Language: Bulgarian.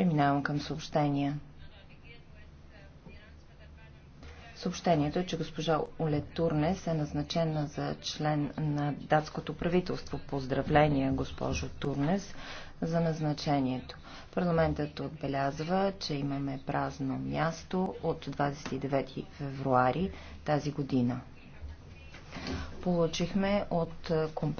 Преминавам към съобщения. Съобщението е, че госпожа Оле Турнес е назначена за член на датското правителство. Поздравления, госпожо Турнес, за назначението. Парламентът отбелязва, че имаме празно място от 29 февруари тази година. Получихме от компетентността